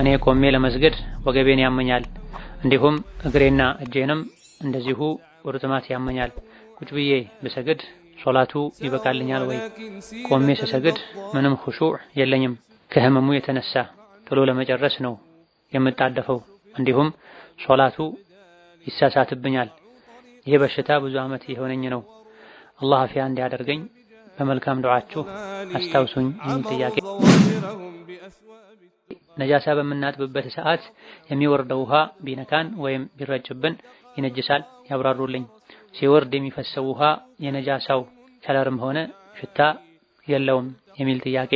እኔ ቆሜ ለመስገድ ወገቤን ያመኛል፣ እንዲሁም እግሬና እጄንም እንደዚሁ ውርጥማት ያመኛል። ቁጭ ብዬ ብሰግድ ሶላቱ ይበቃልኛል ወይ? ቆሜ ስሰግድ ምንም ሁሹዕ የለኝም። ከህመሙ የተነሳ ቶሎ ለመጨረስ ነው የምጣደፈው። እንዲሁም ሶላቱ ይሳሳትብኛል። ይህ በሽታ ብዙ ዓመት የሆነኝ ነው። አላህ አፊያ እንዲያደርገኝ በመልካም ዱዓችሁ አስታውሱኝ የሚል ጥያቄ ነጃሳ በምናጥብበት ሰዓት የሚወርደው ውሃ ቢነካን ወይም ቢረጭብን ይነጅሳል። ያብራሩልኝ። ሲወርድ የሚፈሰው ውሃ የነጃሳው ከለርም ሆነ ሽታ የለውም የሚል ጥያቄ።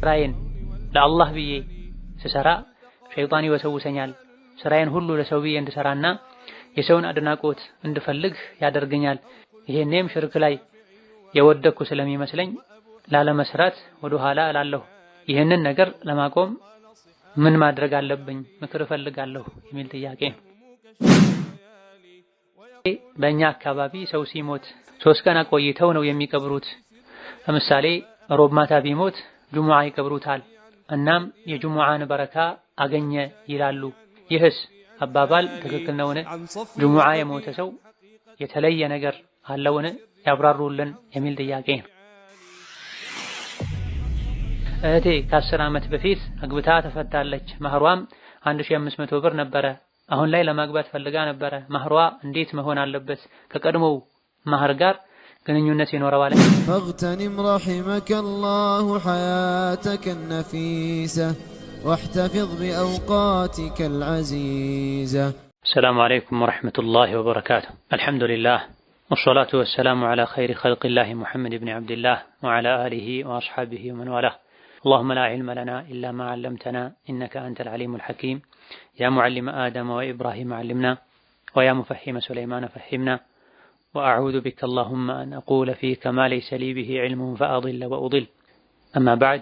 ስራዬን ለአላህ ብዬ ስሰራ ሸይጣን ይወሰውሰኛል። ስራዬን ሁሉ ለሰው ብዬ እንድሰራና የሰውን አድናቆት እንድፈልግ ያደርገኛል። ይሄኔም ሽርክ ላይ የወደኩ ስለሚመስለኝ ላለመስራት ወደ ኋላ እላለሁ። ይህንን ነገር ለማቆም ምን ማድረግ አለብኝ? ምክር እፈልጋለሁ የሚል ጥያቄ ነው። በእኛ አካባቢ ሰው ሲሞት ሶስት ቀን አቆይተው ነው የሚቀብሩት። ለምሳሌ ሮብ ማታ ቢሞት ጁሙዓ ይቀብሩታል። እናም የጁሙዓን በረካ አገኘ ይላሉ። ይህስ አባባል ትክክል ነውን? ጁሙዓ የሞተ ሰው የተለየ ነገር አለውን? ያብራሩልን የሚል ጥያቄ ነው። እህቴ ከአስር ዓመት በፊት አግብታ ተፈታለች። ማህሯም 1500 ብር ነበረ። አሁን ላይ ለማግባት ፈልጋ ነበረ። ማህሯ እንዴት መሆን አለበት? ከቀድሞው ማህር ጋር ግንኙነት ይኖረዋል? ፈግተኒም ረሒመከ ላሁ ሐያተከ ነፊሰ ወሕተፊዝ ቢአውቃቲከ ልዓዚዘ السلام عليكم ورحمة الله وبركاته الحمد لله والصلاة والسلام على خير خلق الله محمد بن عبد الله وعلى آله وأصحابه ومن والاه اللهم لا علم لنا إلا ما علمتنا إنك أنت العليم الحكيم يا معلم آدم وإبراهيم علمنا ويا مفهم سليمان فهمنا وأعوذ بك اللهم أن أقول فيك ما ليس لي به علم فأضل وأضل أما بعد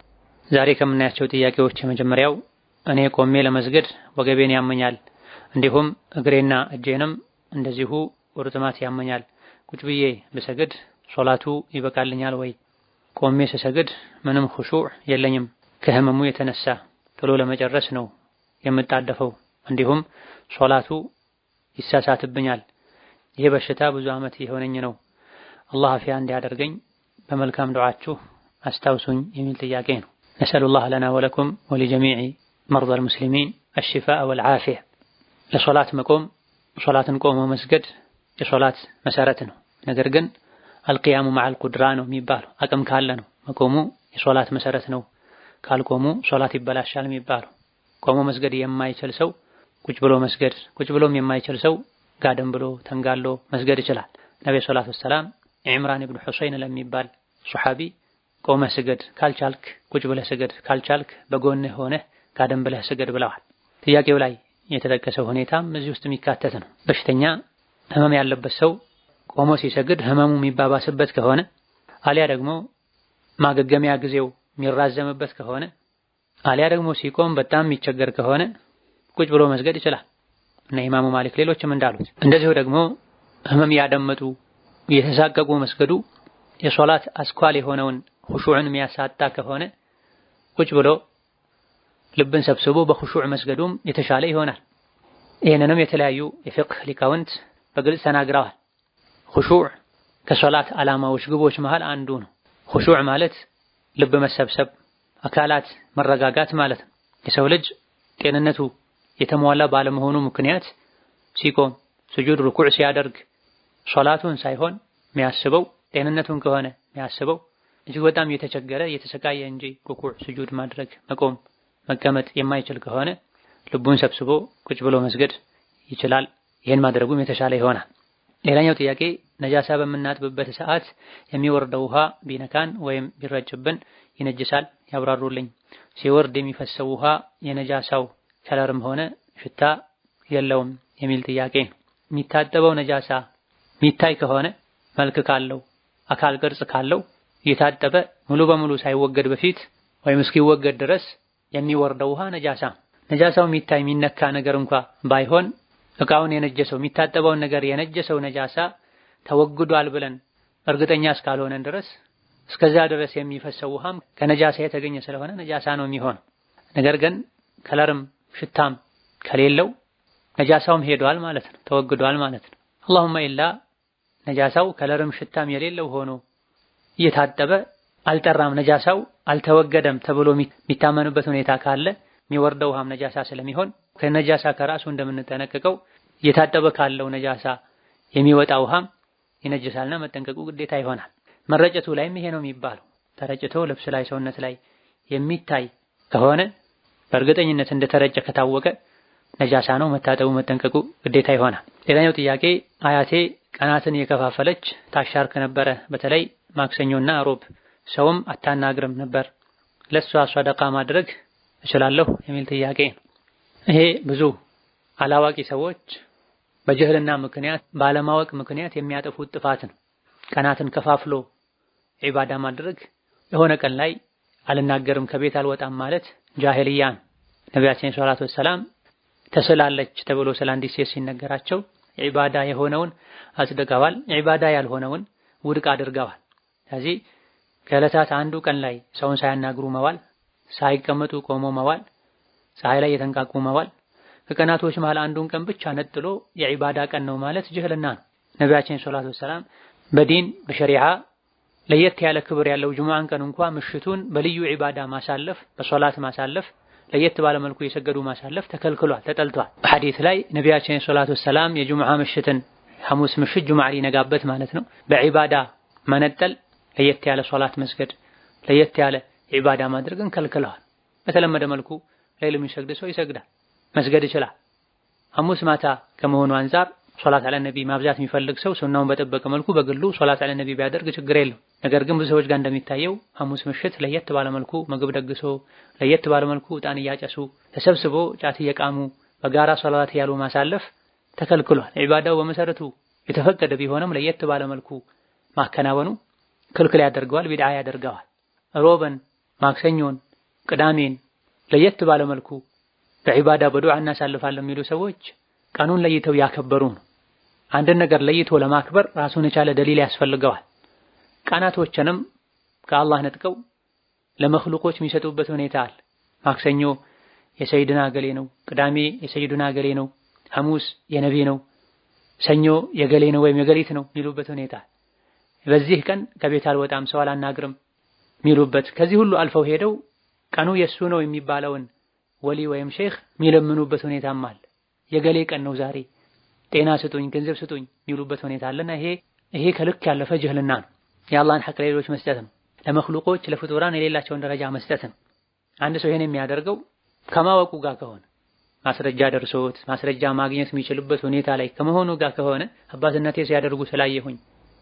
ذلك من يحشوت إياك وشم جمريو أن يكون ميل مزقر وقبين يامنيال عندهم أقرينا الجينم عند زهو ورتمات يامنيال كتبيه بسقد صلاته يبقى لنيال ويت ቆሜ ስሰግድ ምንም ሁሹዕ የለኝም ከህመሙ የተነሳ ቶሎ ለመጨረስ ነው የምጣደፈው። እንዲሁም ሶላቱ ይሳሳትብኛል። ይሄ በሽታ ብዙ ዓመት የሆነኝ ነው። አላህ አፊያ እንዲያደርገኝ በመልካም ዱዓችሁ አስታውሱኝ የሚል ጥያቄ ነው። ነስአሉላህ ለና ወለኩም ወሊጀሚዕ መርዷል ሙስሊሚን አሽፋእ ወልዓፊያ። ለሶላት መቆም ሶላትን ቆሞ መስገድ የሶላት መሰረት ነው። ነገር ግን አልቅያሙ መዓል ቁድራ ነው የሚባለው። አቅም ካለ ነው መቆሙ የሶላት መሰረት ነው። ካልቆሙ ሶላት ይበላሻል የሚባለው። ቆሞ መስገድ የማይችል ሰው ቁጭ ብሎ መስገድ፣ ቁጭ ብሎም የማይችል ሰው ጋደም ብሎ ተንጋሎ መስገድ ይችላል። ነብዩ ሰለላሁ ዐለይሂ ወሰለም ኢምራን ኢብኑ ሁሰይን ለሚባል ሱሐቢ ቆመ ስገድ፣ ካልቻልክ ቁጭ ብለህ ስገድ፣ ካልቻልክ በጎንህ ሆነህ ጋደም ብለህ ስገድ ብለዋል። ጥያቄው ላይ የተጠቀሰው ሁኔታም እዚህ ውስጥ የሚካተት ነው። በሽተኛ ህመም ያለበት ሰው ቆሞ ሲሰግድ ህመሙ የሚባባስበት ከሆነ አሊያ ደግሞ ማገገሚያ ጊዜው የሚራዘምበት ከሆነ አሊያ ደግሞ ሲቆም በጣም የሚቸገር ከሆነ ቁጭ ብሎ መስገድ ይችላል። እና ኢማሙ ማሊክ ሌሎችም እንዳሉት እንደዚሁ ደግሞ ህመም ያደመጡ የተሳቀቁ መስገዱ የሶላት አስኳል የሆነውን ሁሹዕን የሚያሳጣ ከሆነ ቁጭ ብሎ ልብን ሰብስቦ በሁሹዕ መስገዱም የተሻለ ይሆናል። ይህንንም የተለያዩ የፍቅህ ሊቃውንት በግልጽ ተናግረዋል። ኹሹዕ ከሶላት ዓላማዎች ግቦች መሃል አንዱ ነው። ኹሹዕ ማለት ልብ መሰብሰብ፣ አካላት መረጋጋት ማለት ነው። የሰው ልጅ ጤንነቱ የተሟላ ባለመሆኑ ምክንያት ሲቆም፣ ስጁድ፣ ርኩዕ ሲያደርግ ሶላቱን ሳይሆን የሚያስበው ጤንነቱን ከሆነ የሚያስበው እጅግ በጣም የተቸገረ የተሰቃየ እንጂ ርኩዕ፣ ስጁድ ማድረግ መቆም፣ መቀመጥ የማይችል ከሆነ ልቡን ሰብስቦ ቁጭ ብሎ መስገድ ይችላል። ይህን ማድረጉም የተሻለ ይሆናል። ሌላኛው ጥያቄ ነጃሳ በምናጥብበት ሰዓት የሚወርደው ውሃ ቢነካን ወይም ቢረጭብን ይነጅሳል። ያብራሩልኝ። ሲወርድ የሚፈሰው ውሃ የነጃሳው ከለርም ሆነ ሽታ የለውም የሚል ጥያቄ የሚታጠበው ነጃሳ የሚታይ ከሆነ መልክ ካለው አካል ቅርጽ ካለው እየታጠበ ሙሉ በሙሉ ሳይወገድ በፊት ወይም እስኪወገድ ድረስ የሚወርደው ውሃ ነጃሳ ነጃሳው የሚታይ የሚነካ ነገር እንኳ ባይሆን እቃውን የነጀሰው የሚታጠበውን ነገር የነጀሰው ነጃሳ ተወግዷል ብለን እርግጠኛ እስካልሆነን ድረስ እስከዛ ድረስ የሚፈሰው ውሃም ከነጃሳ የተገኘ ስለሆነ ነጃሳ ነው የሚሆነው። ነገር ግን ከለርም ሽታም ከሌለው ነጃሳውም ሄዷል ማለት ነው፣ ተወግዷል ማለት ነው። አላሁመ ኢላ ነጃሳው ከለርም ሽታም የሌለው ሆኖ እየታጠበ አልጠራም፣ ነጃሳው አልተወገደም ተብሎ የሚታመንበት ሁኔታ ካለ የሚወርደው ውሃም ነጃሳ ስለሚሆን ከነጃሳ ከራሱ እንደምንጠነቀቀው እየታጠበ ካለው ነጃሳ የሚወጣ ውሃም ይነጅሳልና መጠንቀቁ ግዴታ ይሆናል። መረጨቱ ላይም ይሄ ነው የሚባለው። ተረጭቶ ልብስ ላይ ሰውነት ላይ የሚታይ ከሆነ በእርግጠኝነት እንደተረጨ ከታወቀ ነጃሳ ነው፣ መታጠቡ መጠንቀቁ ግዴታ ይሆናል። ሌላኛው ጥያቄ አያቴ ቀናትን የከፋፈለች ታሻርክ ነበረ። በተለይ ማክሰኞና ሮብ ሰውም አታናግርም ነበር። ለሷ ሰደቃ ማድረግ እችላለሁ የሚል ጥያቄ። ይሄ ብዙ አላዋቂ ሰዎች በጀህልና ምክንያት ባለማወቅ ምክንያት የሚያጠፉት ጥፋት ነው። ቀናትን ከፋፍሎ ዒባዳ ማድረግ የሆነ ቀን ላይ አልናገርም ከቤት አልወጣም ማለት ጃሂልያ ነው። ነቢያችን ሰለላሁ ዐለይሂ ወሰለም ተስላለች ተብሎ ስለ አንዲት ሴት ሲነገራቸው ዒባዳ የሆነውን አጽድቀዋል፣ ዒባዳ ያልሆነውን ውድቅ አድርገዋል። ስለዚህ ከዕለታት አንዱ ቀን ላይ ሰውን ሳያናግሩ መዋል፣ ሳይቀመጡ ቆሞ መዋል፣ ፀሐይ ላይ የተንቃቁ መዋል ከቀናቶች መሃል አንዱን ቀን ብቻ ነጥሎ የዒባዳ ቀን ነው ማለት ጅህልና ነው። ነቢያችን ሰለላሁ ዐለይሂ ወሰለም በዲን በሸሪዓ ለየት ያለ ክብር ያለው ጁሙአን ቀን እንኳ ምሽቱን በልዩ ዒባዳ ማሳለፍ፣ በሶላት ማሳለፍ፣ ለየት ባለ መልኩ የሰገዱ ማሳለፍ ተከልክሏል፣ ተጠልቷል። በሐዲስ ላይ ነቢያችን ሰለላሁ ዐለይሂ ወሰለም የጁሙዓ ምሽትን ሐሙስ ምሽት ጁሙዓ ሊነጋበት ማለት ነው በዒባዳ መነጠል፣ ለየት ያለ ሶላት መስገድ፣ ለየት ያለ ዒባዳ ማድረግን ከልክለዋል። በተለመደ መልኩ ሌሊት የሚሰግድ ሰው ይሰግዳል። መስገድ ይችላል። ሐሙስ ማታ ከመሆኑ አንጻር ሶላት አለ ነቢ ማብዛት የሚፈልግ ሰው ሱናውን በጠበቀ መልኩ በግሉ ሶላት አለ ነቢ ቢያደርግ ችግር የለም። ነገር ግን ብዙ ሰዎች ጋር እንደሚታየው ሐሙስ ምሽት ለየት ባለ መልኩ ምግብ ደግሶ ለየት ባለ መልኩ እጣን እያጨሱ ተሰብስቦ ጫት እየቃሙ በጋራ ሶላት ያሉ ማሳለፍ ተከልክሏል። ዒባዳው በመሰረቱ የተፈቀደ ቢሆንም ለየት ባለ መልኩ ማከናወኑ ክልክል ያደርገዋል፣ ቢድዓ ያደርገዋል። ሮበን ማክሰኞን፣ ቅዳሜን ለየት ባለ መልኩ በዒባዳ በዱዓ እናሳልፋለን የሚሉ ሰዎች ቀኑን ለይተው ያከበሩ ነው። አንድን ነገር ለይቶ ለማክበር ራሱን የቻለ ደሊል ያስፈልገዋል። ቀናቶችንም ከአላህ ነጥቀው ለመኽሉቆች የሚሰጡበት ሁኔታ አለ። ማክሰኞ የሰይድና ገሌ ነው፣ ቅዳሜ የሰይድና ገሌ ነው፣ ሐሙስ የነቢ ነው፣ ሰኞ የገሌ ነው ወይም የገሊት ነው የሚሉበት ሁኔታ በዚህ ቀን ከቤት አልወጣም፣ ሰው አላናግርም የሚሉበት ከዚህ ሁሉ አልፈው ሄደው ቀኑ የእሱ ነው የሚባለውን ወሊ ወይም ሼክ የሚለምኑበት ሁኔታም አለ። የገሌ ቀን ነው ዛሬ ጤና ስጡኝ፣ ገንዘብ ስጡኝ የሚሉበት ሁኔታ አለና ይሄ ይሄ ከልክ ያለፈ ጅህልና ነው። የአላህን ሐቅ ለሌሎች መስጠት ነው። ለመክሉቆች ለፍጡራን የሌላቸውን ደረጃ መስጠት ነው። አንድ ሰው ይሄን የሚያደርገው ከማወቁ ጋር ከሆነ ማስረጃ ደርሶት ማስረጃ ማግኘት የሚችልበት ሁኔታ ላይ ከመሆኑ ጋር ከሆነ አባትነቴ ሲያደርጉ ስላየሁኝ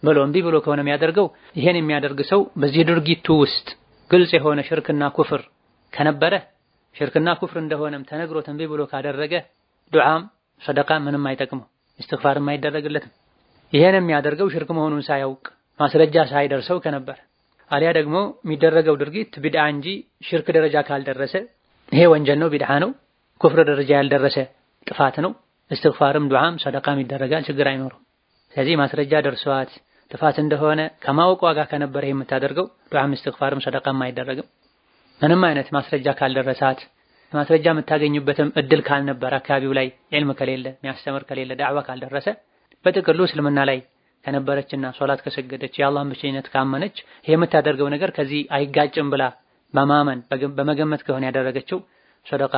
ብሎ እምቢ ብሎ ከሆነ የሚያደርገው ይሄን የሚያደርግ ሰው በዚህ ድርጊቱ ውስጥ ግልጽ የሆነ ሽርክና ኩፍር ከነበረ ሽርክና ኩፍር እንደሆነም ተነግሮ ተንቢ ብሎ ካደረገ ዱዓም ሰደቃ ምንም አይጠቅመው፣ እስትግፋርም አይደረግለትም። ይሄን የሚያደርገው ሽርክ መሆኑን ሳያውቅ ማስረጃ ሳይደርሰው ከነበር አሊያ ደግሞ የሚደረገው ድርጊት ቢድዓ እንጂ ሽርክ ደረጃ ካልደረሰ ይሄ ወንጀል ነው፣ ቢድዓ ነው፣ ኩፍር ደረጃ ያልደረሰ ጥፋት ነው። እስትግፋርም ዱዓም ሰደቃም ይደረጋል፣ ችግር አይኖርም። ስለዚህ ማስረጃ ደርሷት ጥፋት እንደሆነ ከማወቅ ዋጋ ከነበረ የምታደርገው ዱዓም እስትግፋርም ሰደቃም አይደረግም። ምንም አይነት ማስረጃ ካልደረሳት ማስረጃ የምታገኝበትም እድል ካልነበረ አካባቢው ላይ ዒልም ከሌለ የሚያስተምር ከሌለ ዳዕዋ ካልደረሰ በጥቅሉ እስልምና ላይ ከነበረችና ሶላት ከሰገደች የአላህን ብቸኝነት ካመነች ይሄ የምታደርገው ነገር ከዚህ አይጋጭም ብላ በማመን በመገመት ከሆነ ያደረገችው ሰደቃ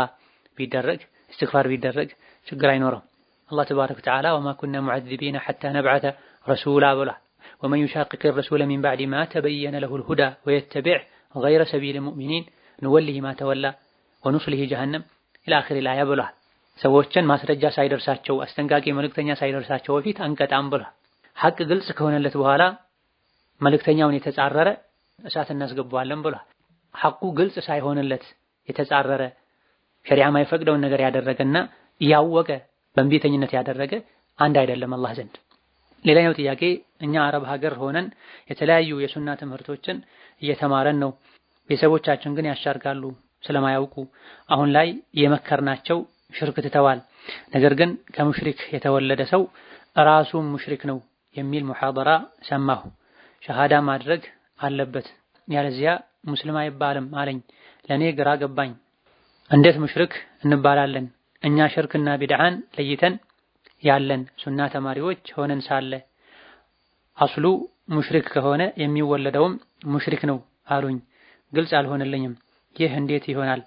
ቢደረግ እስትግፋር ቢደረግ ችግር አይኖረው። አላህ ተባረከ ወተዓላ ወማ ኩና ሙዐዚቢና ሐታ ነብዓተ ረሱላ ብሏል። ወመን ዩሻቂቅ ረሱለ ሚን ባዕድ ማ ተበየነ ለሁል ሁዳ ወየተቢዕ ገይረ ሰቢል ሙእሚኒን ንወልህ ማ ተወላ ወኑስልህ ጀሀነም ኢላ አኺሪ ላይ ብሏል። ሰዎችን ማስረጃ ሳይደርሳቸው አስጠንቃቂ መልእክተኛ ሳይደርሳቸው በፊት አንቀጣም ብሏል። ሐቅ ግልጽ ከሆነለት በኋላ መልእክተኛውን የተጻረረ እሳት እናስገባዋለን ብሏል። ሐቁ ግልጽ ሳይሆንለት የተጻረረ ሸሪዓ ማይፈቅደውን ነገር ያደረገና እያወቀ በእንቢተኝነት ያደረገ አንድ አይደለም አላህ ዘንድ። ሌላኛው ጥያቄ እኛ አረብ ሀገር ሆነን የተለያዩ የሱና ትምህርቶችን እየተማረን ነው። ቤተሰቦቻችን ግን ያሻርጋሉ ስለማያውቁ አሁን ላይ የመከርናቸው ሽርክ ትተዋል። ነገር ግን ከሙሽሪክ የተወለደ ሰው ራሱም ሙሽሪክ ነው የሚል ሙሐደራ ሰማሁ። ሸሃዳ ማድረግ አለበት ያለዚያ ሙስሊም አይባልም አለኝ። ለኔ ግራ ገባኝ። እንዴት ሙሽሪክ እንባላለን? እኛ ሽርክና ቢድዓን ለይተን ያለን ሱና ተማሪዎች ሆነን ሳለ አስሉ ሙሽሪክ ከሆነ የሚወለደውም ሙሽሪክ ነው አሉኝ። ግልጽ አልሆነልኝም። ይህ እንዴት ይሆናል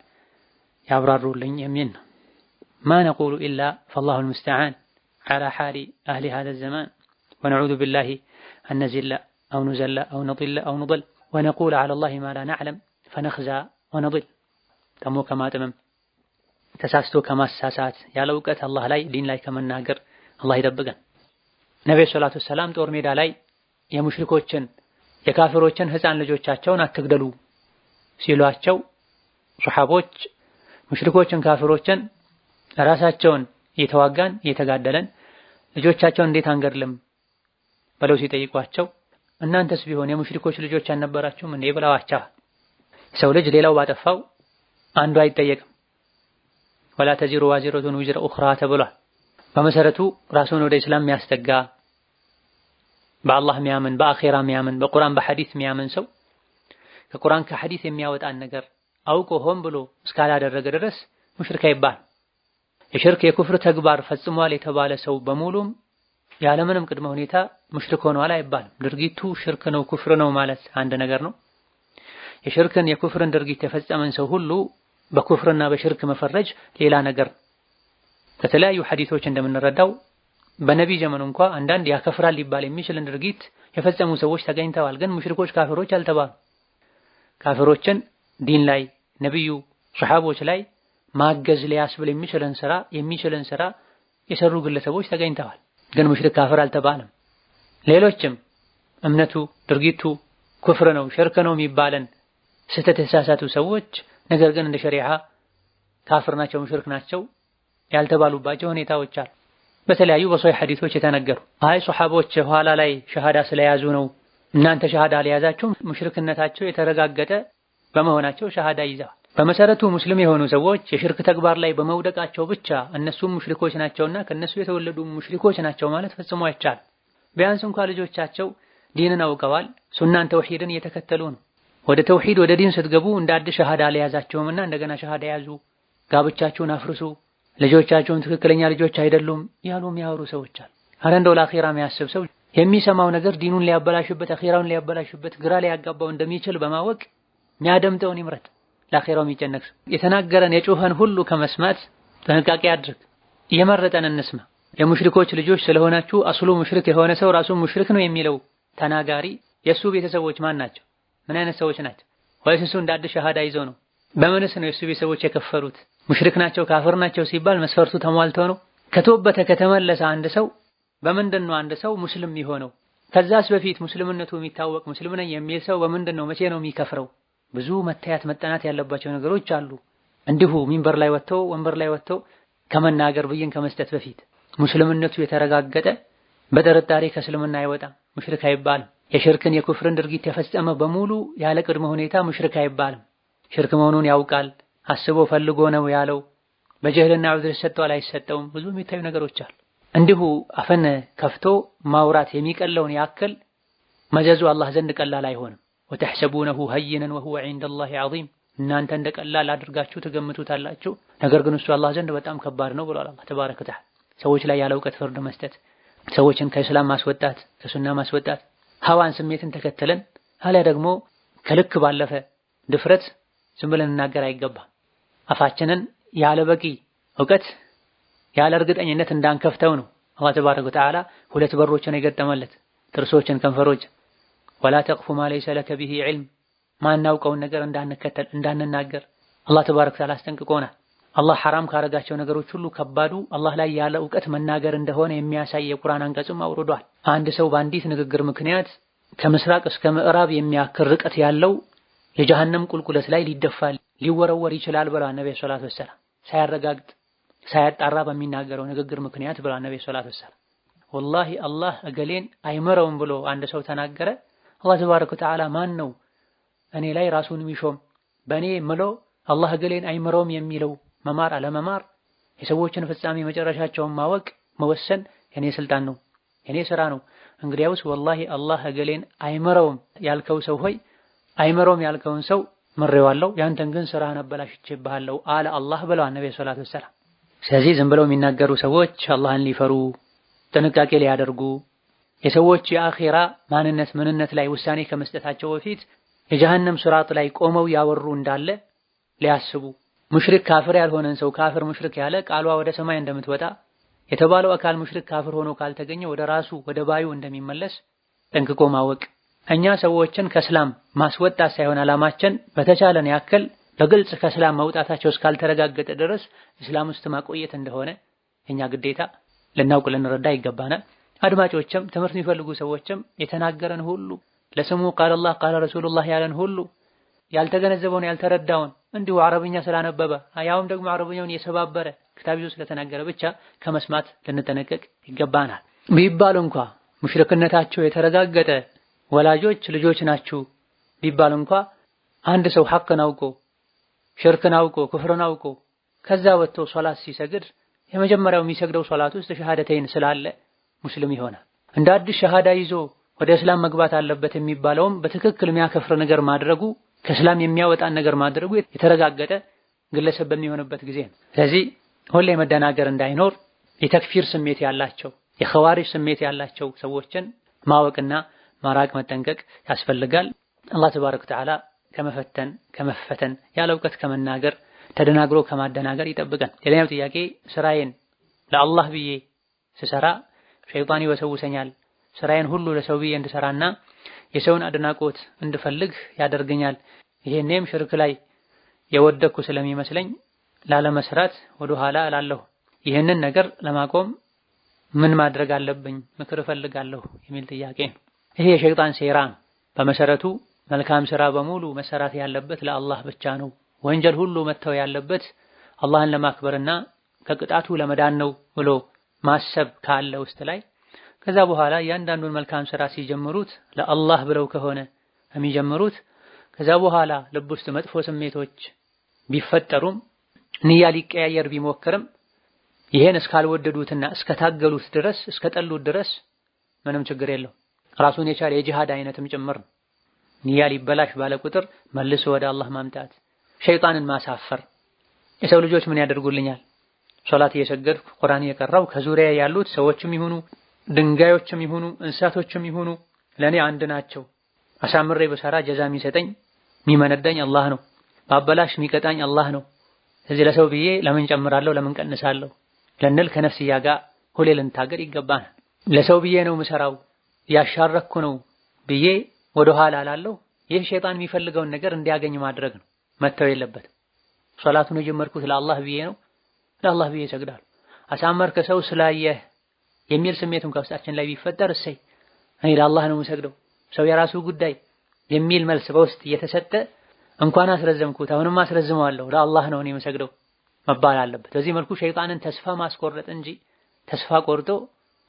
ያብራሩልኝ የሚል ነው። ማ ነቁሉ ኢላ ፈላሁል ሙስተዓን ዓላ ሓሊ አህሊ ሃዛ ዘማን ወነዑዙ ቢላሂ አነዚላ አው ኑዘላ አው ነጢላ አው ኑደል ወነቁል ዓላ ላሂ ማ ላ ፈነኽዛ ወነዲል። ደግሞ ከማጥመም ተሳስቶ ከማሳሳት ያለ እውቀት አላህ ላይ ዲን ላይ ከመናገር አላህ ይጠብቀን። ነቢዩ ሰላቱ ሰላም ጦር ሜዳ ላይ የሙሽሪኮችን የካፍሮችን ህፃን ልጆቻቸውን አትግደሉ ሲሏቸው ሱሐቦች ሙሽሪኮችን ካፍሮችን ራሳቸውን እየተዋጋን እየተጋደለን ልጆቻቸውን እንዴት አንገድልም ብለው ሲጠይቋቸው እናንተስ ቢሆን የሙሽሪኮች ልጆች አልነበራችሁም እንዴ ብለዋቻ ሰው ልጅ ሌላው ባጠፋው አንዱ አይጠየቅም ወላ ተዚሩ ዋዚረቱን ዊዝረ ኡኽራ ተብሏል በመሰረቱ ራሱን ወደ እስላም የሚያስጠጋ በአላህ ሚያምን በአኼራ ሚያምን በቁርአን በሐዲስ ሚያምን ሰው ከቁርአን ከሐዲስ የሚያወጣን ነገር አውቆ ሆን ብሎ እስካላደረገ ድረስ ሙሽሪክ አይባል። የሽርክ የኩፍር ተግባር ፈጽሟል የተባለ ሰው በሙሉም ያለምንም ቅድመ ሁኔታ ሙሽሪክ ሆኗል አይባልም። ድርጊቱ ሽርክ ነው ኩፍር ነው ማለት አንድ ነገር ነው። የሽርክን የኩፍርን ድርጊት የፈጸመን ሰው ሁሉ በኩፍርና በሽርክ መፈረጅ ሌላ ነገር። ከተለያዩ ሐዲሶች እንደምንረዳው በነቢ ዘመን እንኳ አንዳንድ ያከፍራል ሊባል የሚችልን ድርጊት የፈጸሙ ሰዎች ተገኝተዋል። ግን ሙሽሪኮች ካፈሮች አልተባሉ። ካፈሮችን ዲን ላይ ነብዩ ሰሐቦች ላይ ማገዝ ሊያስብል የሚችልን ስራ የሚችልን ስራ የሰሩ ግለሰቦች ተገኝተዋል። ግን ሙሽሪክ ካፍር አልተባለም። ሌሎችም እምነቱ ድርጊቱ ኩፍር ነው ሽርክ ነው የሚባለን ስህተት የተሳሳቱ ሰዎች ነገር ግን እንደ ሸሪዓ ካፍር ናቸው ሙሽሪክ ናቸው ያልተባሉባቸው ሁኔታዎች አሉ። በተለያዩ በሶሒህ ሐዲሶች የተነገሩ አይ ሶሐቦች ኋላ ላይ ሸሃዳ ስለያዙ ነው እናንተ ሸሃዳ አልያዛችሁ ሙሽርክነታቸው የተረጋገጠ በመሆናቸው ሸሃዳ ይዘዋል። በመሰረቱ ሙስሊም የሆኑ ሰዎች የሽርክ ተግባር ላይ በመውደቃቸው ብቻ እነሱም ሙሽሪኮች ናቸውና ከነሱ የተወለዱ ሙሽሪኮች ናቸው ማለት ፈጽሞ አይቻል። ቢያንስ እንኳ ልጆቻቸው ዲንን አውቀዋል፣ ሱናን ተውሂድን እየተከተሉ ነው። ወደ ተውሂድ ወደ ዲን ስትገቡ እንደ አዲስ ሸሃዳ አልያዛችሁምና እንደገና ሸሃዳ ያዙ፣ ጋብቻችሁን አፍርሱ ልጆቻቸውም ትክክለኛ ልጆች አይደሉም ያሉ የሚያወሩ ሰዎች አሉ። አረ እንደው ለአኺራ የሚያስብ ሰው የሚሰማው ነገር ዲኑን ሊያበላሽበት፣ አኺራውን ሊያበላሽበት፣ ግራ ሊያጋባው እንደሚችል በማወቅ የሚያደምጠውን ይምረጥ። ለአኺራው የሚጨነቅ ሰው የተናገረን የጮኸን ሁሉ ከመስማት ጥንቃቄ አድርግ። የመረጠን እንስማ። የሙሽሪኮች ልጆች ስለሆናችሁ አስሉ ሙሽሪክ የሆነ ሰው ራሱ ሙሽሪክ ነው የሚለው ተናጋሪ የእሱ ቤተሰቦች ማን ናቸው? ምን አይነት ሰዎች ናቸው? ወይስ እሱ እንዳዲስ ሸሃዳ ይዘው ነው? በምንስ ነው የእሱ ቤተሰቦች የከፈሉት? ሙሽሪክ ናቸው ካፍር ናቸው ሲባል መስፈርቱ ተሟልቶ ነው። ከተወበተ ከተመለሰ አንድ ሰው በምንድን ነው አንድ ሰው ሙስልም የሆነው? ከዛስ በፊት ሙስልምነቱ የሚታወቅ ሙስልም ነኝ የሚል ሰው በምንድን ነው መቼ ነው የሚከፍረው? ብዙ መታየት መጠናት ያለባቸው ነገሮች አሉ። እንዲሁ ሚንበር ላይ ወጥቶ ወንበር ላይ ወጥቶ ከመናገር ብይን ከመስጠት በፊት ሙስልምነቱ የተረጋገጠ በጥርጣሬ ከእስልምና አይወጣም፣ ሙሽሪክ አይባልም። የሽርክን የኩፍርን ድርጊት የፈጸመ በሙሉ ያለ ቅድመ ሁኔታ ሙሽሪክ አይባልም። ሽርክ መሆኑን ያውቃል አስቦ ፈልጎ ነው ያለው፣ በጀህልና ዑዝር ሰጠዋል አይሰጠውም። ብዙ የሚታዩ ነገሮች አሉ። እንዲሁ አፈነ ከፍቶ ማውራት የሚቀለውን ያክል መዘዙ አላህ ዘንድ ቀላል አይሆንም። ወተሕሰቡነሁ ሀይነን ወሁወ ዒንደላሂ ዐዚም እናንተ እንደ ቀላል አድርጋችሁ ትገምቱታላችሁ፣ ነገር ግን እሱ አላህ ዘንድ በጣም ከባድ ነው ብሏል አላህ ተባረከ ወተዓላ። ሰዎች ላይ ያለ እውቀት ፍርድ መስጠት፣ ሰዎችን ከእስላም ማስወጣት፣ ከሱና ማስወጣት፣ ሀዋን ስሜትን ተከትለን አሊያ ደግሞ ከልክ ባለፈ ድፍረት ዝም ብለን እናገር አይገባም። አፋችንን ያለ በቂ እውቀት ያለ እርግጠኝነት እንዳንከፍተው ነው። አላህ ተባረከ ወተዓላ ሁለት በሮችን የገጠመለት ጥርሶችን፣ ከንፈሮች ወላ ተቅፉ ማ ለይሰ ለከ ቢሂ ዒልም ማናውቀውን ነገር እንዳንከተል እንዳንናገር አላህ ተባረከ ወተዓላ አስጠንቅቆናል። አላህ ሐራም ካረጋቸው ነገሮች ሁሉ ከባዱ አላህ ላይ ያለ እውቀት መናገር እንደሆነ የሚያሳይ የቁርአን አንቀጽም አውርዷል። አንድ ሰው በአንዲት ንግግር ምክንያት ከምስራቅ እስከ ምዕራብ የሚያክል ርቀት ያለው የጀሃነም ቁልቁለት ላይ ሊደፋል ሊወረወር ይችላል ብለዋል ነብዩ ሰለላሁ ዐለይሂ ሳያረጋግጥ ሳያጣራ በሚናገረው ንግግር ምክንያት ብለዋል ነብዩ ሰላት ዐለይሂ ወላሂ አላህ እገሌን አይምረውም ብሎ አንድ ሰው ተናገረ፣ አላህ ተባረከ ወተዓላ ማን ነው እኔ ላይ ራሱን የሚሾም በእኔ ምሎ አላህ እገሌን አይምረውም የሚለው? መማር አለመማር የሰዎችን ፍጻሜ መጨረሻቸውን ማወቅ መወሰን የኔ ስልጣን ነው የኔ ስራ ነው። እንግዲያውስ ወላሂ አላህ እገሌን አይምረውም ያልከው ሰው ሆይ አይምረውም ያልከውን ሰው ምሬዋለሁ ያንተን ግን ስራህን አበላሽቼብሃለሁ አለ አላህ ብለዋል ነብዩ ሰለላሁ ዐለይሂ ስለዚህ ዝም ብለው የሚናገሩ ሰዎች አላህን ሊፈሩ ጥንቃቄ ሊያደርጉ የሰዎች የአኺራ ማንነት ምንነት ላይ ውሳኔ ከመስጠታቸው በፊት የጀሃነም ስርዓት ላይ ቆመው ያወሩ እንዳለ ሊያስቡ ሙሽሪክ ካፍር ያልሆነን ሰው ካፍር ሙሽሪክ ያለ ቃሏ ወደ ሰማይ እንደምትወጣ የተባለው አካል ሙሽሪክ ካፍር ሆኖ ካልተገኘ ወደ ራሱ ወደ ባዩ እንደሚመለስ ጠንቅቆ ማወቅ እኛ ሰዎችን ከእስላም ማስወጣት ሳይሆን አላማችን በተቻለን ያክል በግልጽ ከእስላም መውጣታቸው እስካልተረጋገጠ ድረስ እስላም ውስጥ ማቆየት እንደሆነ የእኛ ግዴታ ልናውቅ ልንረዳ ይገባናል። አድማጮችም ትምህርት የሚፈልጉ ሰዎችም የተናገረን ሁሉ ለስሙ ቃለ አላህ ቃለ ረሱሉላህ ያለን ሁሉ ያልተገነዘበውን ያልተረዳውን እንዲሁ አረብኛ ስላነበበ ያውም ደግሞ አረብኛውን የሰባበረ ክታብ ይዞ ስለተናገረ ብቻ ከመስማት ልንጠነቀቅ ይገባናል። ቢባል እንኳ ሙሽርክነታቸው የተረጋገጠ ወላጆች ልጆች ናችሁ ቢባል እንኳ አንድ ሰው ሐቅን አውቆ ሽርክን አውቆ ክፍርን አውቆ ከዛ ወጥቶ ሶላት ሲሰግድ የመጀመሪያው የሚሰግደው ሶላት ውስጥ ሸሃደተይን ስላለ ሙስሊም ይሆናል። እንደ አዲስ ሸሃዳ ይዞ ወደ እስላም መግባት አለበት የሚባለውም በትክክል የሚያከፍር ነገር ማድረጉ ከእስላም የሚያወጣን ነገር ማድረጉ የተረጋገጠ ግለሰብ በሚሆንበት ጊዜ ነው። ስለዚህ ሁሌ መደናገር እንዳይኖር የተክፊር ስሜት ያላቸው የኸዋሪጅ ስሜት ያላቸው ሰዎችን ማወቅና ማራቅ መጠንቀቅ ያስፈልጋል። አላህ ተባረከ ወተዓላ ከመፈተን ከመፈተን ያለ እውቀት ከመናገር ተደናግሮ ከማደናገር ይጠብቀን። ሌላኛው ጥያቄ ስራዬን ለአላህ ብዬ ስሰራ ሸይጣን ይወሰውሰኛል፣ ስራዬን ሁሉ ለሰው ብዬ እንድሰራና የሰውን አድናቆት እንድፈልግ ያደርገኛል። ይሄኔም ሽርክ ላይ የወደኩ ስለሚመስለኝ ላለመስራት ወደ ኋላ እላለሁ። ይህንን ነገር ለማቆም ምን ማድረግ አለብኝ? ምክር እፈልጋለሁ የሚል ጥያቄ ይሄ የሸይጣን ሴራ ነው። በመሰረቱ መልካም ስራ በሙሉ መሰራት ያለበት ለአላህ ብቻ ነው። ወንጀል ሁሉ መተው ያለበት አላህን ለማክበርና ከቅጣቱ ለመዳን ነው ብሎ ማሰብ ካለ ውስጥ ላይ ከዛ በኋላ እያንዳንዱን መልካም ስራ ሲጀምሩት ለአላህ ብለው ከሆነ የሚጀምሩት ከዛ በኋላ ልብ ውስጥ መጥፎ ስሜቶች ቢፈጠሩም ንያ ሊቀያየር ቢሞክርም ይሄን እስካልወደዱትና እስከታገሉት ድረስ እስከጠሉት ድረስ ምንም ችግር የለው። ራሱን የቻለ የጂሃድ አይነትም ጭምር ነው። ንያ ሊበላሽ ባለ ቁጥር መልሶ ወደ አላህ ማምጣት፣ ሸይጣንን ማሳፈር። የሰው ልጆች ምን ያደርጉልኛል? ሶላት እየሰገድኩ ቁርአን እየቀራው ከዙሪያ ያሉት ሰዎችም ይሁኑ ድንጋዮችም ይሁኑ እንስሳቶችም ይሁኑ ለኔ አንድ ናቸው። አሳምሬ በሰራ ጀዛ የሚሰጠኝ የሚመነዳኝ አላህ ነው። ባበላሽ የሚቀጣኝ አላህ ነው። ስለዚህ ለሰው ብዬ ለምን ጨምራለሁ፣ ለምን ቀንሳለሁ ለንል ከነፍስያ ጋር ሁሌ ልንታገር ይገባናል። ለሰው ብዬ ነው ምሰራው ያሻረኩ ነው ብዬ ወደ ኋላ ላለው ይህ ሸይጣን የሚፈልገውን ነገር እንዲያገኝ ማድረግ ነው። መተው የለበትም። ሶላቱን የጀመርኩት ለአላህ ብዬ ነው፣ ለአላህ ብዬ እሰግዳለሁ። አሳመርከ ከሰው ስላየህ የሚል ስሜቱን ከውስጣችን ላይ ቢፈጠር እሰይ እኔ ለአላህ ነው የምሰግደው፣ ሰው የራሱ ጉዳይ የሚል መልስ በውስጥ እየተሰጠ እንኳን አስረዘምኩት አሁንም አስረዝመዋለሁ ለአላህ ነው እኔ የምሰግደው መባል አለበት። በዚህ መልኩ ሸይጣንን ተስፋ ማስቆረጥ እንጂ ተስፋ ቆርጦ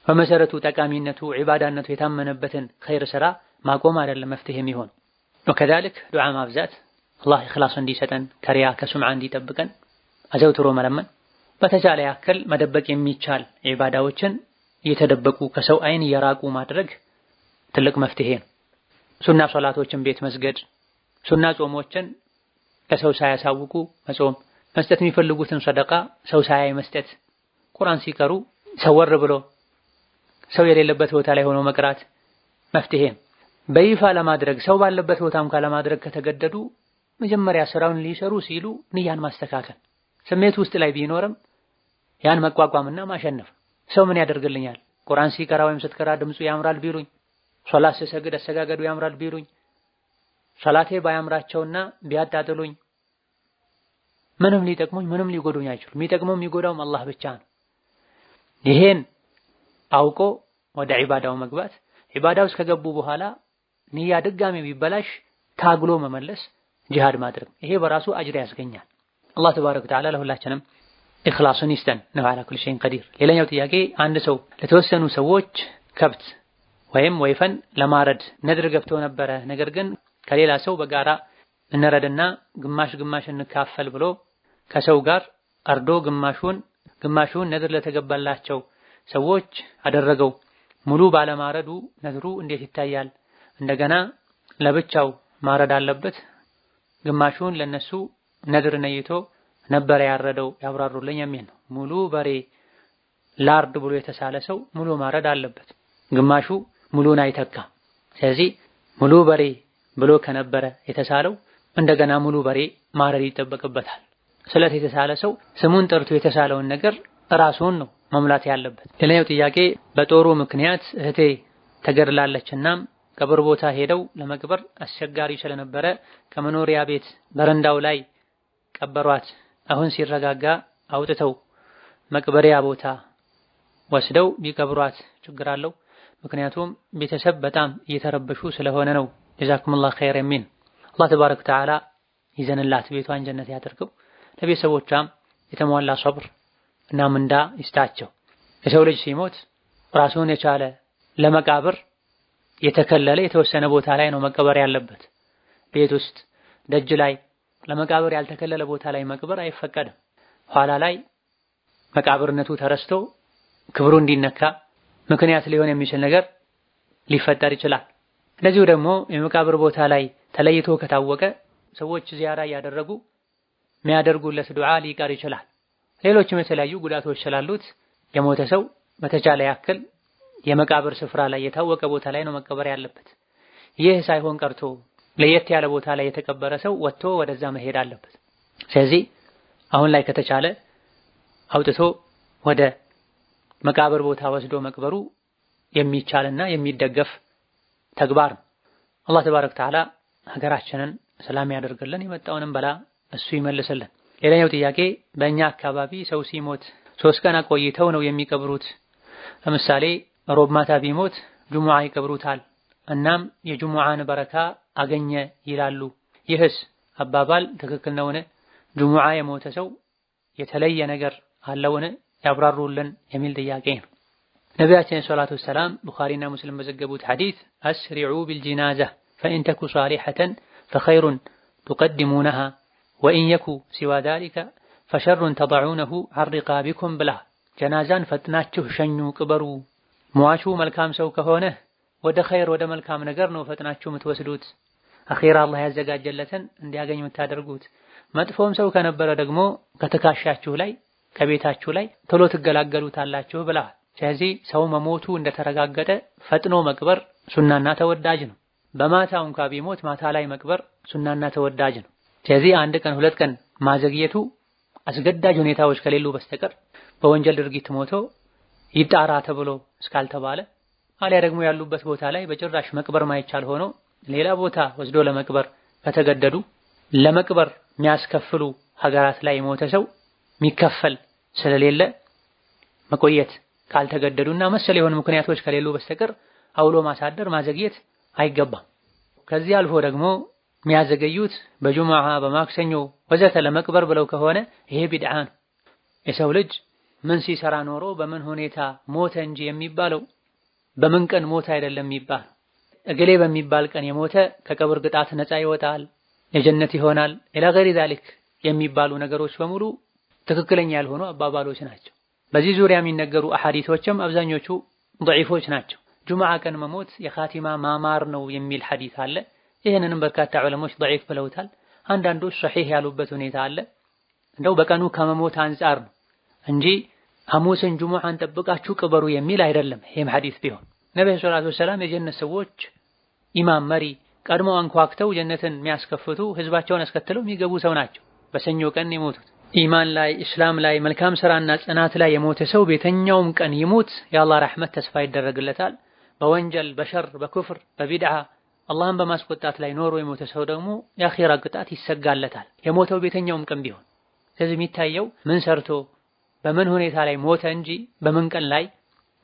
በመሰረቱ ጠቃሚነቱ ዒባዳነቱ የታመነበትን ኸይር ስራ ማቆም አይደለም መፍትሄ የሚሆን ወከዛልክ ዱዓ ማብዛት አላህ ኢኽላስ እንዲሰጠን ከሪያ ከሱምዓ እንዲጠብቀን አዘውትሮ መለመን በተቻለ ያክል መደበቅ የሚቻል ዒባዳዎችን እየተደበቁ ከሰው አይን እየራቁ ማድረግ ትልቅ መፍትሄ ነው። ሱና ሶላቶችን ቤት መስገድ፣ ሱና ጾሞችን ለሰው ሳያሳውቁ መጾም፣ መስጠት የሚፈልጉትን ሰደቃ ሰው ሳያይ መስጠት፣ ቁርአን ሲቀሩ ሰወር ብሎ ሰው የሌለበት ቦታ ላይ ሆኖ መቅራት መፍትሄ በይፋ ለማድረግ ሰው ባለበት ቦታም ለማድረግ ከተገደዱ መጀመሪያ ስራውን ሊሰሩ ሲሉ ንያን ማስተካከል፣ ስሜት ውስጥ ላይ ቢኖርም ያን መቋቋምና ማሸነፍ። ሰው ምን ያደርግልኛል? ቁርአን ሲቀራ ወይም ስትቀራ ድምፁ ያምራል ቢሉኝ፣ ሶላት ስሰግድ አሰጋገዱ ያምራል ቢሉኝ፣ ሶላቴ ባያምራቸውና ቢያጣጥሉኝ ምንም ሊጠቅሙኝ ምንም ሊጎዱኝ አይችሉም። የሚጠቅመው የሚጎዳውም አላህ ብቻ ነው። ይሄን አውቆ ወደ ዒባዳው መግባት ዒባዳው ውስጥ ከገቡ በኋላ ንያ ድጋሚ ቢበላሽ ታግሎ መመለስ ጂሃድ ማድረግ ይሄ በራሱ አጅር ያስገኛል። አላህ ተባረከ ወተዓላ ለሁላችንም ኢኽላሱን ይስጠን ነው አላ ኩል ሸይን ቀዲር። ሌላኛው ጥያቄ አንድ ሰው ለተወሰኑ ሰዎች ከብት ወይም ወይፈን ለማረድ ነድር ገብቶ ነበረ። ነገር ግን ከሌላ ሰው በጋራ እንረድና ግማሽ ግማሽ እንካፈል ብሎ ከሰው ጋር አርዶ ግማሹን ግማሹን ነድር ለተገባላቸው ሰዎች አደረገው። ሙሉ ባለማረዱ ነግሩ እንዴት ይታያል? እንደገና ለብቻው ማረድ አለበት? ግማሹን ለነሱ ነድር ነይቶ ነበረ ያረደው ያብራሩልኝ የሚል ነው። ሙሉ በሬ ላርድ ብሎ የተሳለ ሰው ሙሉ ማረድ አለበት፣ ግማሹ ሙሉን አይተካም። ስለዚህ ሙሉ በሬ ብሎ ከነበረ የተሳለው እንደገና ሙሉ በሬ ማረድ ይጠበቅበታል። ስለት የተሳለ ሰው ስሙን ጠርቶ የተሳለውን ነገር ራሱን ነው መሙላት ያለበት። ሌላኛው ጥያቄ በጦሩ ምክንያት እህቴ ተገድላለች። ቀብር ቦታ ሄደው ለመቅበር አስቸጋሪ ስለነበረ ከመኖሪያ ቤት በረንዳው ላይ ቀበሯት። አሁን ሲረጋጋ አውጥተው መቅበሪያ ቦታ ወስደው ቢቀብሯት ችግር አለው? ምክንያቱም ቤተሰብ በጣም እየተረበሹ ስለሆነ ነው። ጀዛኩሙላህ ኸይር የሚል አላህ ተባረከ ወተዓላ ይዘንላት ቤቷን ጀነት ያደርገው ለቤተሰቦቿም የተሟላ ሶብር እና ምንዳ ይስጣቸው። የሰው ልጅ ሲሞት ራሱን የቻለ ለመቃብር የተከለለ የተወሰነ ቦታ ላይ ነው መቀበር ያለበት። ቤት ውስጥ ደጅ ላይ ለመቃብር ያልተከለለ ቦታ ላይ መቅበር አይፈቀድም። ኋላ ላይ መቃብርነቱ ተረስቶ ክብሩ እንዲነካ ምክንያት ሊሆን የሚችል ነገር ሊፈጠር ይችላል። እንደዚሁ ደግሞ የመቃብር ቦታ ላይ ተለይቶ ከታወቀ ሰዎች ዚያራ እያደረጉ የሚያደርጉለት ዱዓ ሊቀር ይችላል። ሌሎችም የተለያዩ ጉዳቶች ስላሉት የሞተ ሰው በተቻለ ያክል የመቃብር ስፍራ ላይ የታወቀ ቦታ ላይ ነው መቀበር ያለበት። ይህ ሳይሆን ቀርቶ ለየት ያለ ቦታ ላይ የተቀበረ ሰው ወጥቶ ወደዛ መሄድ አለበት። ስለዚህ አሁን ላይ ከተቻለ አውጥቶ ወደ መቃብር ቦታ ወስዶ መቅበሩ የሚቻልና የሚደገፍ ተግባር ነው። አላህ ተባረከ ወተዓላ ሀገራችንን ሰላም ያደርግልን፣ የመጣውንም በላ እሱ ይመልስልን። ሌላኛው ጥያቄ በእኛ አካባቢ ሰው ሲሞት ሶስት ቀን አቆይተው ነው የሚቀብሩት። ለምሳሌ ሮብ ማታ ቢሞት ጁሙዓ ይቀብሩታል። እናም የጁሙዓን በረካ አገኘ ይላሉ። ይህስ አባባል ትክክል ነውን? ጁሙዓ የሞተ ሰው የተለየ ነገር አለውን? ያብራሩልን የሚል ጥያቄ ነው። ነቢያችን ሰላቱ ወሰላም ቡኻሪና ሙስሊም በዘገቡት ሐዲስ አስሪዑ ቢልጂናዛ ፈኢንተኩ ሷሊሐተን ፈኸይሩን ቱቀድሙነሃ ወኢን የኩ ሲዋ ዛሊከ ፈሸሩን ተضዑነሁ ዐን ሪቃቢኩም ብላ ጀናዛን ፈጥናችሁ ሸኙ፣ ቅበሩ። ሟቹ መልካም ሰው ከሆነ ወደ ኸይር ወደ መልካም ነገር ነው ፈጥናችሁ የምትወስዱት አኼራ አላህ ያዘጋጀለትን እንዲያገኝ የምታደርጉት። መጥፎም ሰው ከነበረ ደግሞ ከትካሻችሁ ላይ ከቤታችሁ ላይ ቶሎ ትገላገሉታላችሁ ብላ። ስለዚህ ሰው መሞቱ እንደተረጋገጠ ፈጥኖ መቅበር ሱናና ተወዳጅ ነው። በማታ እንኳ ቢሞት ማታ ላይ መቅበር ሱናና ተወዳጅ ነው። ስለዚህ አንድ ቀን ሁለት ቀን ማዘግየቱ አስገዳጅ ሁኔታዎች ከሌሉ በስተቀር በወንጀል ድርጊት ሞቶ ይጣራ ተብሎ እስካልተባለ አሊያ ደግሞ ያሉበት ቦታ ላይ በጭራሽ መቅበር ማይቻል ሆኖ ሌላ ቦታ ወስዶ ለመቅበር ከተገደዱ ለመቅበር የሚያስከፍሉ ሀገራት ላይ የሞተ ሰው የሚከፈል ስለሌለ መቆየት ካልተገደዱና መሰል የሆኑ ምክንያቶች ከሌሉ በስተቀር አውሎ ማሳደር ማዘግየት አይገባም። ከዚህ አልፎ ደግሞ የሚያዘገዩት በጁሙዓ በማክሰኞ ወዘተ ለመቅበር ብለው ከሆነ ይሄ ቢድዓ ነው። የሰው ልጅ ምን ሲሰራ ኖሮ በምን ሁኔታ ሞተ እንጂ የሚባለው በምን ቀን ሞተ አይደለም የሚባል እገሌ በሚባል ቀን የሞተ ከቀብር ቅጣት ነፃ ይወጣል፣ የጀነት ይሆናል፣ ኢላ ገይሪ ዛሊክ የሚባሉ ነገሮች በሙሉ ትክክለኛ ያልሆኑ አባባሎች ናቸው። በዚህ ዙሪያ የሚነገሩ አሐዲቶችም አብዛኞቹ ደዒፎች ናቸው። ጁሙዓ ቀን መሞት የኻቲማ ማማር ነው የሚል ሐዲት አለ። ይህንንም በርካታ ዑለሞች ደዒፍ ብለውታል። አንዳንዶች ሰሒህ ያሉበት ሁኔታ አለ። እንደው በቀኑ ከመሞት አንጻር ነው እንጂ ሐሙስን ጁሙዓን ጠብቃችሁ ቅበሩ የሚል አይደለም። ይህም ሐዲስ ቢሆን ነብዩ ሰለላሁ ዐለይሂ ወሰለም የጀነት ሰዎች ኢማም መሪ ቀድሞ አንኳክተው ጀነትን የሚያስከፍቱ ህዝባቸውን አስከትለው የሚገቡ ሰው ናቸው። በሰኞ ቀን የሞቱት ኢማን ላይ እስላም ላይ መልካም ስራና ጽናት ላይ የሞተ ሰው በተኛውም ቀን ይሞት የአላህ ረሕመት ተስፋ ይደረግለታል። በወንጀል በሸር በኩፍር በቢድዓ አላህን በማስቆጣት ላይ ኖሮ የሞተ ሰው ደግሞ የአኺራ ቅጣት ይሰጋለታል። የሞተው ቤተኛውም ቀን ቢሆን ስለዚህ የሚታየው ምን ሰርቶ በምን ሁኔታ ላይ ሞተ እንጂ በምን ቀን ላይ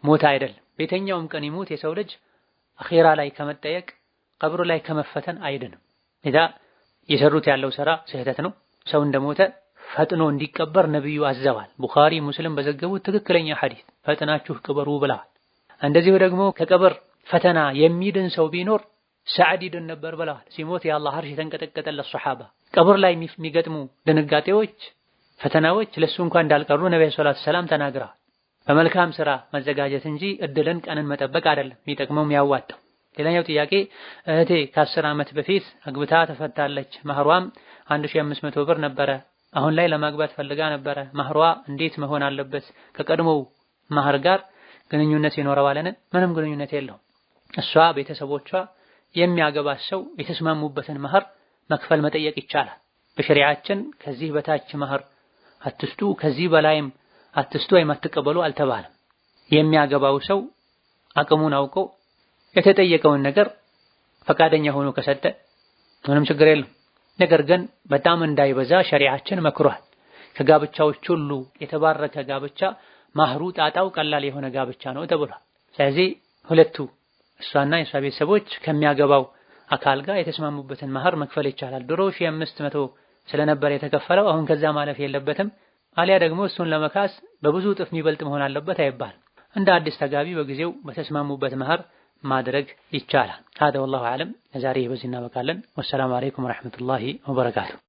ሞተ አይደለም። ቤተኛውም ቀን ይሞት የሰው ልጅ አኺራ ላይ ከመጠየቅ ቀብሩ ላይ ከመፈተን አይድንም። ሌላ የሰሩት ያለው ስራ ስህተት ነው። ሰው እንደሞተ ፈጥኖ እንዲቀበር ነብዩ አዘዋል። ቡኻሪ ሙስልም በዘገቡት ትክክለኛ ሐዲስ ፈጥናችሁ ቅበሩ ብለዋል። እንደዚሁ ደግሞ ከቀብር ፈተና የሚድን ሰው ቢኖር ሰዓዲድን ነበር ብለዋል። ሲሞት የአላህ አርሽ የተንቀጠቀጠለት ሶሓባ ቀብር ላይ የሚገጥሙ ድንጋጤዎች፣ ፈተናዎች ለሱ እንኳን እንዳልቀሩ ነብዩ ሰለላሁ ሰላም ተናግረዋል። በመልካም ስራ መዘጋጀት እንጂ እድልን ቀንን መጠበቅ አይደለም የሚጠቅመው የሚያዋጣው። ሌላኛው ጥያቄ እህቴ ከአስር ዓመት በፊት አግብታ ተፈታለች። ማህሯም 1500 ብር ነበረ። አሁን ላይ ለማግባት ፈልጋ ነበረ። ማህሯ እንዴት መሆን አለበት? ከቀድሞው ማህር ጋር ግንኙነት ይኖረዋልን? ምንም ግንኙነት የለውም። እሷ ቤተሰቦቿ የሚያገባት ሰው የተስማሙበትን መህር መክፈል መጠየቅ ይቻላል። በሸሪዓችን ከዚህ በታች መህር አትስጡ፣ ከዚህ በላይም አትስጡ ወይም አትቀበሉ አልተባለም። የሚያገባው ሰው አቅሙን አውቆ የተጠየቀውን ነገር ፈቃደኛ ሆኖ ከሰጠ ምንም ችግር የለም። ነገር ግን በጣም እንዳይበዛ ሸሪዓችን መክሯል። ከጋብቻዎች ሁሉ የተባረከ ጋብቻ ማህሩ ጣጣው ቀላል የሆነ ጋብቻ ነው ተብሏል። ስለዚህ ሁለቱ እሷና የእሷ ቤተሰቦች ከሚያገባው አካል ጋር የተስማሙበትን መሀር መክፈል ይቻላል። ድሮ ሺህ አምስት መቶ ስለነበር የተከፈለው አሁን ከዛ ማለፍ የለበትም። አሊያ ደግሞ እሱን ለመካስ በብዙ እጥፍ የሚበልጥ መሆን አለበት አይባል። እንደ አዲስ ተጋቢ በጊዜው በተስማሙበት መሀር ማድረግ ይቻላል። ሀደ ወላሁ አለም። ለዛሬ በዚህ እናበቃለን። ወሰላሙ አለይኩም ወረሕመቱላሂ ወበረካቱ።